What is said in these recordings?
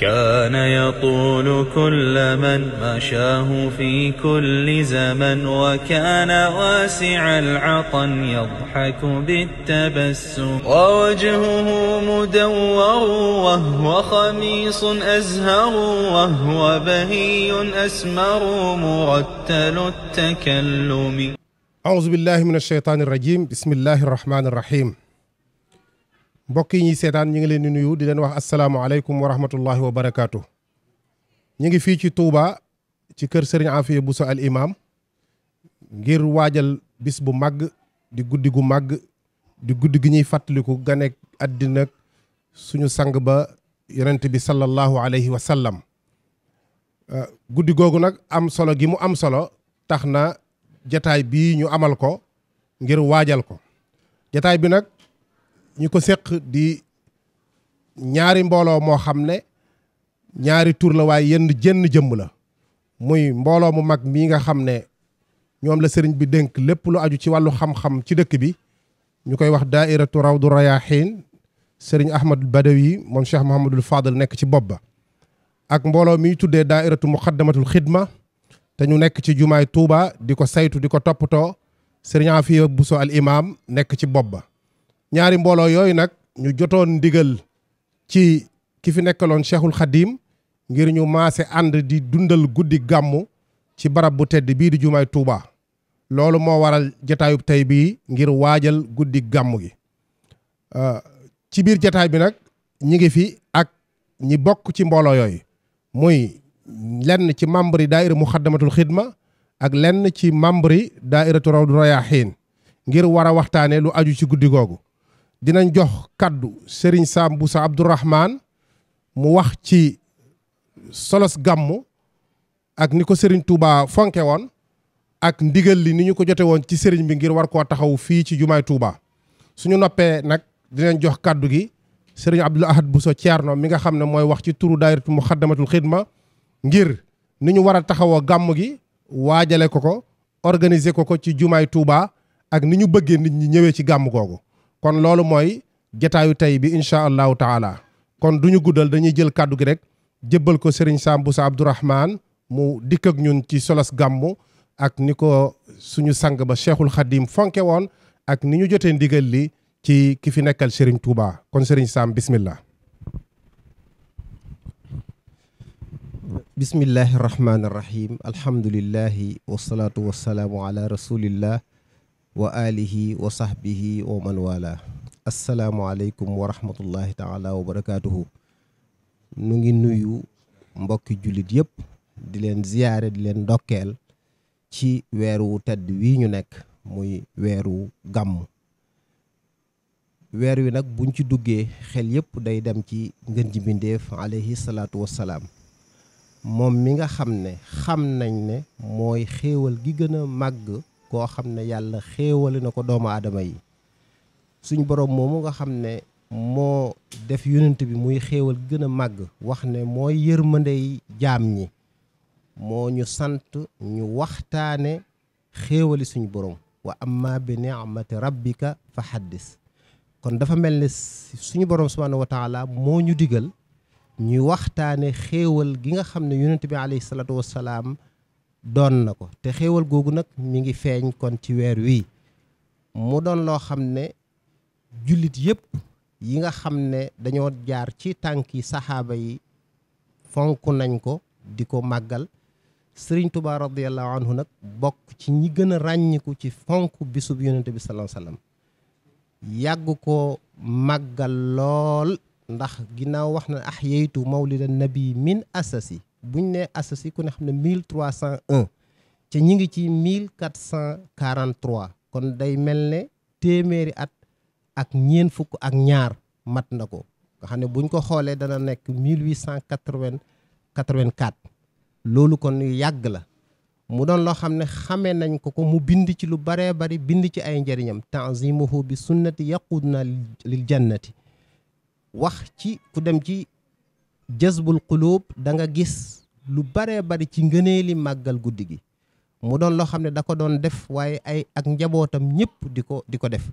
كان يطول كل من مشاه في كل زمن وكان واسع العطن يضحك بالتبسم ووجهه مدور وهو خميص أزهر وهو بهي أسمر مرتل التكلم أعوذ بالله من الشيطان الرجيم بسم الله الرحمن الرحيم mbokk yi ñuy seetaan ñu ngi leen di nuyu di leen wax asalaamaaleykum wa rahmatullahi wa barakaatu. ñu ngi fii ci Touba ci kër Serigne Afia Bousso al imaam ngir waajal bis bu màgg di guddi gu màgg di guddi gi ñuy fàttaliku ganek àddina suñu sang ba yonent bi sallallahu alayhi wa sallam euh, guddi googu nag am solo gi mu am solo tax na jataay bii ñu amal ko ngir waajal ko jataay bi nag ñi ko séq di ñaari mbooloo moo xam ne ñaari tuur la waaye yenn jenn jëmm la muy mbooloo mu mag mii nga xam ne ñoom la sëriñ bi dénk lépp lu aju ci wàllu xam-xam ci dëkk bi ñu koy wax daairatu rawdu rayaxiin sëriñ ahmadul badawi moom cheikh mahamadul fadal nekk ci bopp ba ak mbooloo mi ñu tuddee daairatu muqaddamatul xidma te ñu nekk ci jumaay tuuba di ko saytu di ko toppatoo sëriñ afiya buso al imam nekk ci bopp ba ñaari mbooloo yooyu nag ñu jotoon ndigal ci ki fi nekkaloon cheikhul xadim ngir ñu maase ànd di dundal guddi gàmmu ci barab bu tedd bii di jumaay Touba loolu moo waral jataayub tey bii ngir waajal guddi gàmmu gi euh, ci biir jataay bi nag ñi ngi fi ak ñi bokk ci mbooloo yooyu muy lenn ci membre yi daaira muxaddamatul xidma ak lenn ci membre yi daairatu rawdu rayaxiin ngir war a waxtaane lu aju ci guddi googu dinañ jox kàddu Serigne Sam Boussa Abdourahman mu wax ci solos gàmmu ak ni ko Serigne Touba fonke woon ak ndigal li ni ñu ko jote woon ci Serigne bi ngir war koo taxawu fii ci jumaay Touba suñu noppee nag dinañ jox kàddu gi Serigne Abdoul Ahad Bousso Thierno mi nga xam ne mooy wax ci turu daayiratu Muxaddamatul Xidma ngir ni ñu war a taxawoo gàmm gi waajale ko ko organiser ko ko ci jumaay Touba ak ni ñu bëggee nit ñi ñëwee ci gàmm googu kon loolu mooy jataayu tey bi incha allahu taala kon du ñu guddal dañuy jël kàddu gi rek jébbal ko Serigne Sam Bousso Abdourahmane mu dikk ak ñun ci solos gàmmu ak ni ko suñu sang ba cheikhul xadim fonke woon ak ni ñu jotee ndigal li ci ki fi nekkal Serigne Touba kon sëriñ Sam bismillah bismillahi rahmaani rahim alhamdulillahi wasalaatu wasalaamu ala rasulillah wa alihi wa sahbihi wa man wala asalaamualeykum wa rahmatullahi taala wa barakaatuhu nu ngi nuyu mbokki jullit yépp di leen ziyaare di leen ndokkeel ci weer wu tedd wii ñu nekk muy weer wu gàmm weer wi nag buñ ci duggee xel yëpp day dem ci ngën ji mbindéef alayhi salaatu wassalaam moom mi nga xam ne xam nañ ne mooy xéewal gi gën a màgg koo xam ne yàlla xéewale na ko doomu aadama yi suñ borom moomu nga xam ne moo def yonent bi muy xéewal gën a màgg wax ne mooy yërmandey jaam ñi moo ñu sant ñu waxtaane xéewali suñu borom wa amma bi ni'mati rabbika fa haddis kon dafa mel ni suñu borom subhaanahu wa moo ñu digal ñu waxtaane xéewal gi nga xam ne yonent bi alayhi salaatu wassalaam doon na ko te xéewal googu nag mi ngi feeñ kon ci weer wii mu doon loo xam ne jullit yépp yi nga xam ne dañoo jaar ci tànk yi saxaaba yi fonk nañ ko di ko màggal sëriñ Tuubaa radiyallahu nag bokk ci ñi gën a ràññiku ci fonk bisub yonente bi sallallahu alayhi yàgg ko màggal lool ndax ginnaaw wax na ahyaytu mawlidan nabi min asasi bu ñu nee associ ku ne xam ne 1301 ci ñi ngi ci 1443 kon day mel ne téeméeri at ak ñeen fukk ak ñaar mat na ko nga xam ne buñ ko xoolee dana nekk 1884 loolu kon yàgg la mu doon loo xam ne xamee nañ ko ko mu bind ci lu baree bari bind ci ay njëriñam tanzimuhu bi sunnati yaquduna lil jannati wax ci ku dem ci jazbul qulub danga gis lu baree bari ci ngëneeli màggal guddi gi mu doon loo xam ne dako doon def waaye ay ak njabootam ñëpp di ko di ko def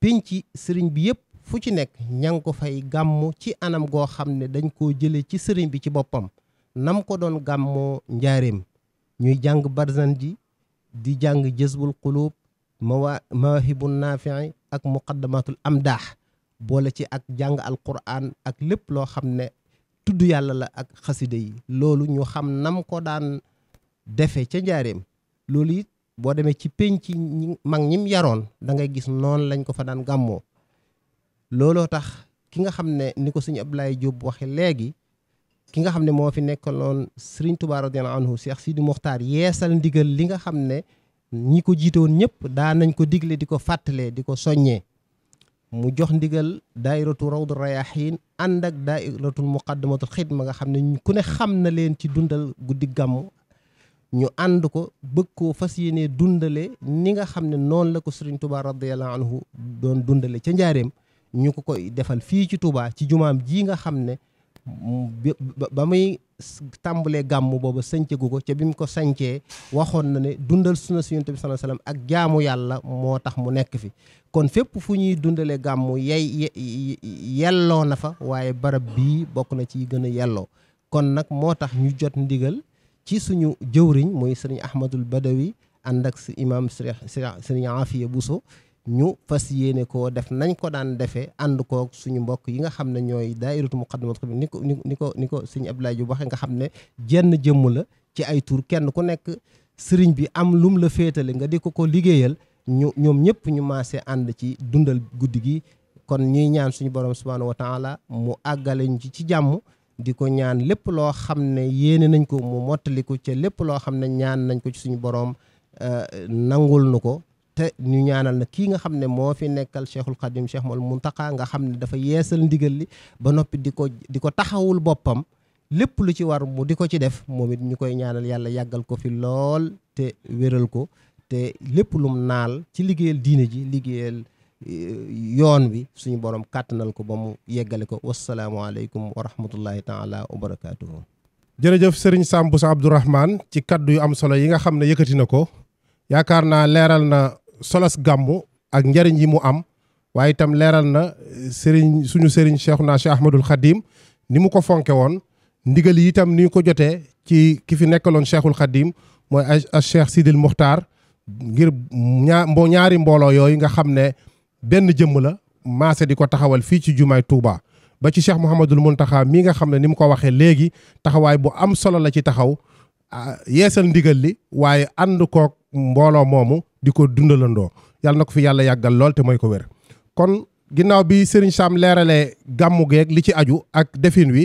pinc sëriñ bi yëpp fu ci nekk ña ngi ko fay gàmmu ci anam goo xam ne dañ koo jëlee ci sëriñ bi ci boppam nam ko doon gàmmoo njaareem ñuy jàng barzan ji di jàng jëzbul qulub mawa mawahibun naafi'i ak am amdaax boole ci ak jàng alquran ak lépp loo xam ne tudd yàlla la ak xasida yi loolu ñu xam nam ko daan defe ca njaareem loolu it boo demee ci penc ñi mag ñim yaroon da ngay gis noonu lañ ko fa daan gàmmoo looloo tax ki nga xam ne ni ko suñu Abdoulaye Diop waxe léegi ki nga xam ne moo fi nekkaloon Serigne Touba radiyallahu anhu Cheikh Sidi Mokhtar yeesal ndigal li nga xam ne ñi ko jiite woon ñëpp daan nañ ko digle di ko fàttalee di ko soññee mu jox ndigal daairatu rawdu rayahin ànd ak daairatul muqaddamatul xidma nga xam ne ku ne xam na leen ci dundal guddi gàmmu ñu ànd ko bëgg koo fas yéenee dundale ni nga xam ne noonu la ko sëriñ Touba radiyallahu doon dundale ca njaareem ñu ko koy defal fii ci Touba ci jumaam ji nga xam ne ba muy tàmbalee gàmm booba sañcagu ko ca bi mu ko sañcee waxoon na ne dundal sunna si yonent bi sallallahu alayhi ak jaamu yàlla moo tax mu nekk fi kon fépp fu ñuy dundalee gàmm yay yelloo na fa waaye barab bii bokk na ci gën a yelloo kon nag moo tax ñu jot ndigal ci suñu jëwriñ muy sëriñ ahmadul badawi ànd ak si imaam sëriñ sëriñ bu buso ñu fas yéene ko def nañ ko daan defee ànd koog suñu mbokk yi nga xam ne ñooy daayiratu muqaddamatul xidma ni ko ni ko ni ko suñu Abdoulaye Diop waxee nga xam ne jenn jëmm la ci ay tur kenn ku nekk sëriñ bi am lum la féetale nga di ko ko liggéeyal ñu ñoom ñëpp ñu maase ànd ci dundal guddi gi kon ñuy ñaan suñu borom subhaanahu wa taala mu àggale ñu ci ci jàmm di ko ñaan lépp loo xam ne yéene nañ ko mu mottaliku ca lépp loo xam ne ñaan nañ ko ci suñu borom euh, nangul nu ko te ñu ñaanal na kii nga xam ne moo fi nekkal cheikhul xadim cheikh mal muntaka nga xam ne dafa yeesal ndigal li ba noppi di ko di ko taxawul boppam lépp lu ci war mu di ko ci def moom it ñu koy ñaanal yàlla yàggal ko fi lool te wéral ko te lépp lum naal ci liggéeyal diine ji liggéeyal eh, yoon bi suñu borom kàttanal ko ba mu yeggale ko wasalaamualeykum wa rahmatullahi taala wa barakatuhu jërëjëf sëriñ Samb Bousso Abdourahmane ci kaddu yu am solo yi nga xam ne yëkkati ko solas gàmmu ak njariñ yi mu am waaye itam leeral na sëriñ suñu sëriñ Cheikhuna Cheikh Ahmadul Khadim ni mu ko fonke woon ndigal yi itam ni ko jotee ci ki fi nekkaloon Cheikhul Khadim mooy a Cheikh Sidil Muxtaar ngir ñaar mbo ñaari mbooloo yooyu nga xam ne benn jëmm la maase di ko taxawal fii ci jumaay tuubaa ba ci Cheikh Mouhamadul Mountakha mii nga xam ne ni mu ko waxee léegi taxawaay bu am solo la ci taxaw yeesal ndigal li waaye ànd koog mbooloo moomu di ko dundalandoo yàlla na ko fi yàlla yàggal lool te mooy ko wér kon ginnaaw bi Serigne Sam leeralee gàmmu geeg li ci aju ak defin wi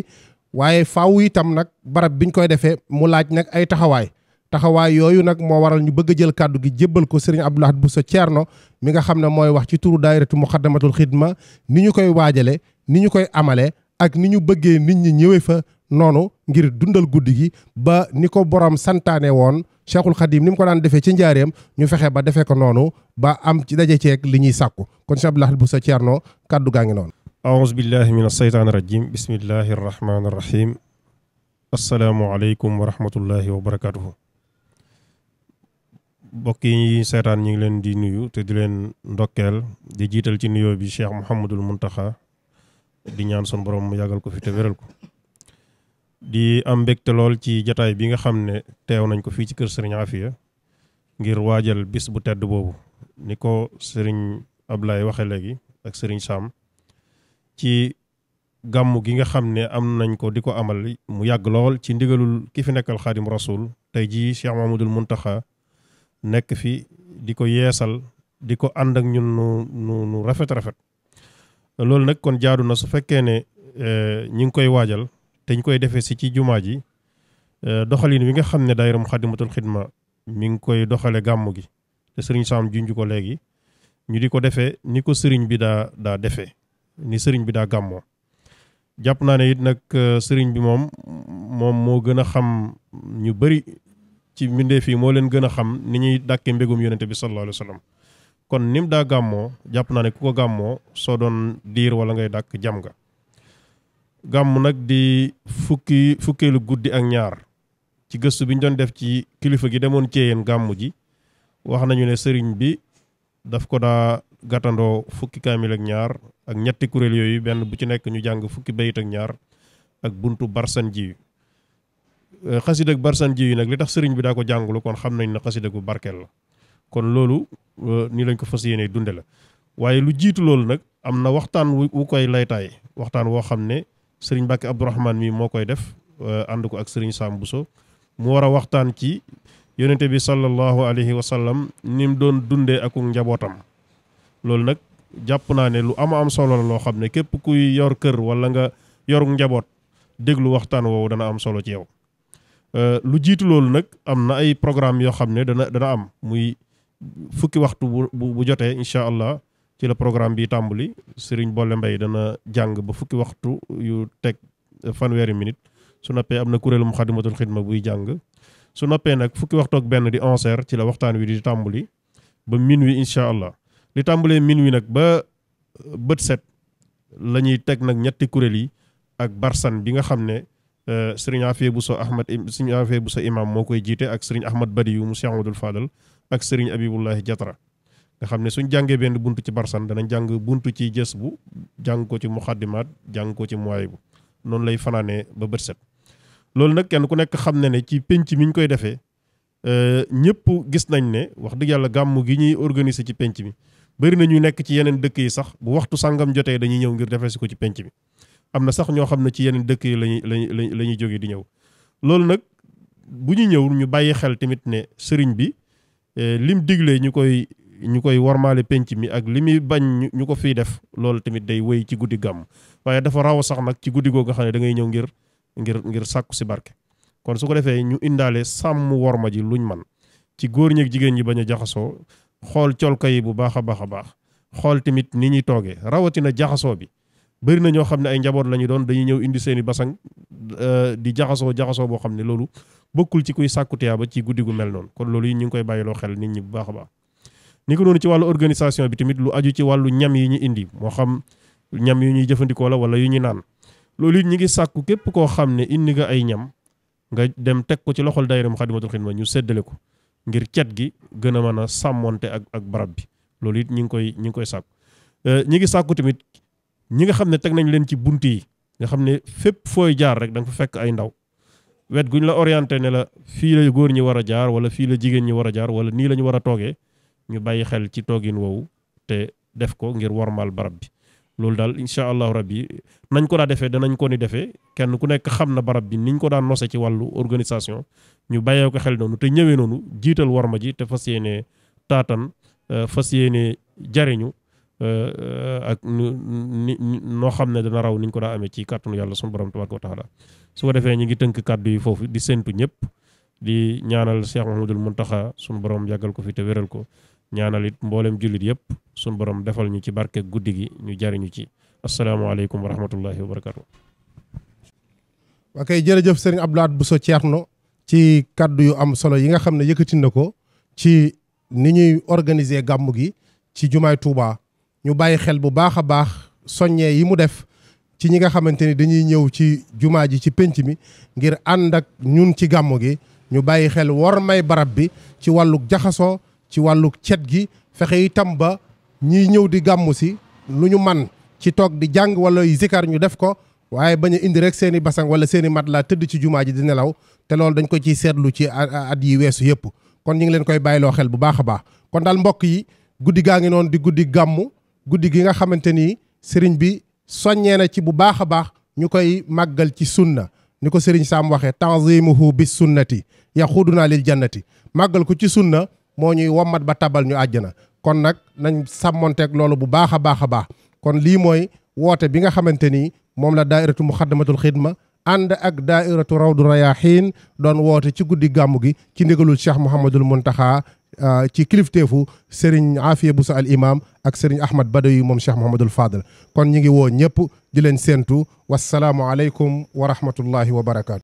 waaye faaw itam nag barab biñ koy defee mu laaj nag ay taxawaay taxawaay yooyu nag moo waral ñu bëgg jël kàddu gi jébbal ko Serigne Abdou Lahad Bousso no mi nga xam ne mooy wax ci turu daayiratu muxaddamatul xidma ni ñu koy waajale ni ñu koy amale ak ni ñu bëggee nit ñi ñëwee fa noonu ngir dundal guddi gi ba ni ko borom santaane woon Cheikhul Khadim ni mu ko daan defee ci njaareem ñu fexe ba defee ko noonu ba am ci daje ceeg li ñuy sàkku kon Cheikh Abdoul Ahad Bousso Thierno kàddu gaa ngi noonu aouzu billahi min asheytaani rajim bismillahi arrahmani arrahim asalaamu aleykum wa rahmatullahi wa barakatuhu mbokk yi seetaan ñu ngi leen di nuyu te di leen ndokkeel di jiital ci nuyoo bi Cheikh Mouhamadul Muntaxa di ñaan sun borom mu yàggal ko fi te wéral ko di am mbégte lool ci jataay bi nga xam ne teew nañ ko fii ci kër sëriñ Afia ngir waajal bis bu tedd boobu ni ko sëriñ Ablaye waxe léegi ak sëriñ Sam ci gàmm gi nga xam ne am nañ ko di ko amal mu yàgg lool ci ndigalul ki fi nekkal xaadim rasul tey jii Cheikh mun taxa nekk fi di ko yeesal di ko ànd ak ñun nu nu rafet rafet loolu nag kon jaadu na su fekkee ne eh, ñi ngi koy waajal dañ koy defee si ci jumaa ji euh, doxalin wi nga xam ne daayira Muxaddamatul Xidma mi ngi koy doxale gàmmu gi te sëriñ Saam junj ko léegi ñu di ko defee ni ko sëriñ bi daa daa defee ni sëriñ bi daa gàmmoo jàpp naa ne it nag euh, sëriñ bi moom moom moo gën a xam ñu bari ci mbindeef yi moo leen gën a xam ni ñuy dàkkee mbégum yonente bi sallallahu alayhi wa kon nim daa gàmmoo jàpp naa ne ku ko gàmmoo soo doon diir wala ngay dàkk jam nga gàmm nag di fukki fukkeelu guddi ak ñaar ci gëstu bi ñu doon def ci kilifa gi demoon ceeyeen gàmmu ji wax nañu ne sëriñ bi daf ko daa gàttandoo fukki kaamil ak ñaar ak ñetti kuréel yooyu benn bu ci nekk ñu jàng fukki bayit ak ñaar ak bunt barsan ji euh, xasida ak barsan ji yi nag li tax sëriñ bi daa ko jàngulu kon xam nañ ne xasida gu barkeel la kon loolu euh, ni lañ ko fas yéene dunde la waaye lu jiitu loolu nag am na waxtaan wu koy laytaay waxtaan woo xam ne sëriñ Mbacke Abdourahman mii moo koy def euh, ànd ko ak sëriñ Sam so mu war a waxtaan ci yonente bi sallallahu alayhi wa sallam ni doon dundee ak njabootam loolu nag jàpp naa ne lu ama am solo la loo xam ne képp kuy yor kër wala nga yorug njaboot déglu waxtaan woowu dana am solo ci yow. Euh, lu jiitu loolu nag am na ay programme yoo xam ne dana dana am muy fukki waxtu bu bu jotee incha allah. ci la programme bi tàmbali Serigne Bolle mbay dana jàng ba fukki waxtu yu teg fanweeri minute su noppee am na kuréelu Muxaddamatul Xidma buy jàng su noppee nag fukki waxtook benn di 11h ci la waxtaan wi di tàmbali ba minuit incha allah li tàmbalee minuit nag ba bët set lañuy teg nag ñetti kuréel yi ak barsan bi nga xam ne euh, Serigne Afia Bousso Ahmad Serigne bu Bousso imam moo koy jiite ak Serigne Ahmad Badiou mu Cheikh Amadou Fadal ak Serigne Abibullahi Diatra nga xam ne suñ jàngee benn buntu ci barsan danañ jàng buntu ci jës bu jàng ko ci muxaddimaat jàng ko ci muwaay bu noonu lay fanaanee ba bët set loolu nag kenn ku nekk xam ne ne ci penc mi ñu koy defee euh, ñëpp gis nañ ne wax dëgg yàlla gàmmu gi ñuy organiser ci penc mi bëri na ñuy nekk ci yeneen dëkk yi sax bu waxtu sàngam jotee dañuy ñëw ngir defee si ko ci penc mi am na sax ñoo xam ne ci yeneen dëkk yi lañuy lañuy la ñuy jógee di ñëw loolu nag bu ñu ñëw ñu bàyyi xel tamit ne sëriñ bi euh, ñu koy warmaale penc mi ak li muy bañ ñu ko fiy def loolu tamit day wéy ci guddi gàmm waaye dafa raw sax nag ci guddi googu nga xam ne da ngay ñëw ngir ngir ngir sàkku si barke kon su ko defee ñu indaale sàmm worma ji luñ man ci góor ñeeg jigéen ñi bañ a jaxasoo xool colka yi bu baax a baax a baax xool tamit ni ñuy toogee rawatina jaxasoo bi bëri na ñoo xam ne ay njaboot la ñu doon dañuy ñëw indi seen i basang euh, di jaxasoo jaxasoo boo xam ne loolu bokkul ci kuy sàkku tiyaaba ci guddi gu mel noonu kon loolu yi ñu ngi koy bàyyiloo xel nit ñi bu baax a baax ni ko noonu ci wàllu organisation bi tamit lu aju ci wàllu ñam yi ñu indi moo xam ñam yi ñuy jëfandikoo la wala yu ñu naan loolu it ñu ngi sàkku képp koo xam ne indi nga ay ñam nga dem teg ko ci loxol daayira Muxaddamatul Xidma ñu séddale ko ngir cet gi gën a mën a sàmmoonte ak ak barab bi loolu it ñu ngi koy ñi ngi koy sàkku euh, ñi ngi sàkku tamit ñi nga xam ne teg nañ leen ci bunt yi nga xam ne fépp fooy jaar rek da nga fa fekk ay ndaw wet guñ la orienté ne la fii la góor ñi war a jaar wala fii jigéen ñi war a jaar wala nii la ñu war a toogee ñu bàyyi xel ci toogin woowu te def ko ngir wormaal barab bi loolu daal incha allahu rabbi nañ ko daa defee danañ ko ni defee kenn ku nekk xam na barab bi niñ ko daan nose ci wàllu organisation ñu bàyyee ko xel noonu te ñëwee noonu jiital worma ji te fas yéene taatan euh, fas yéene jariñu euh, ak ni noo xam ne dana raw niñ ko daa amee ci kàttanu yàlla sunu borom tabaraka wa taala su ko defee ñu ngi tënk kàddu yi foofu di séntu ñëpp di ñaanal Cheikh Mahmadul Muntaxa sunu borom yàggal ko fi te wéral ko ñaanal it mboolem jullit yëpp sunu borom defal ñu ci barke guddi gi ñu jariñu ci asalaamaaleykum wa rahmatullahi wa barakatu. waa kay jërëjëf sëriñ bu so Bousso no ci kàddu yu am solo yi nga xam ne yëkkati na ko ci ni ñuy organiser gàmm gi ci jumaay Touba ñu bàyyi xel bu baax a baax soññee yi mu def ci ñi nga xamante ni dañuy ñëw ci jumaa ji ci pénc mi ngir ànd ak ñun ci gàmm gi ñu bàyyi xel war may barab bi ci wàllu jaxasoo. ci wàllu cet gi fexe itam ba ñiy ñëw di gàmmu si lu ñu man ci toog di jàng wala zikar ñu def ko waaye bañ indi rek seeni i basang wala seen i laa tëdd ci jumaa ji di nelaw te loolu dañ ko ciy seetlu ci at yi weesu yëpp kon ñu ngi leen koy bàyyiloo xel bu baax a baax kon daal mbokk yi guddi gaa ngi noonu di guddi gàmmu guddi gi nga xamante ni sëriñ bi soññee na ci bu baax a baax ñu koy màggal ci sunna ni ko sëriñ Saam waxee tanzimuhu bi sunnati yaxuduna lil jannati màggal ko ci sunna moo ñuy wommat ba tabal ñu àjjana kon nag nañ sàmmonteeg loolu bu baax a baax a baax kon lii mooy woote bi nga xamante ni moom la daairatu muxaddamatul xidma ànd ak daairatu rawdu rayaxiin doon woote ci guddi gàmmu gi ci ndigalul cheikh mouhamadul muntaxa euh, ci kilifteefu sëriñ Afiya Busa al imam ak sëriñ Ahmad Badawi moom Cheikh Mouhamadul Fadal kon ñi ngi woo ñëpp di leen séentu wasalaamu aleykum wa rahmatullahi wa barakaatu.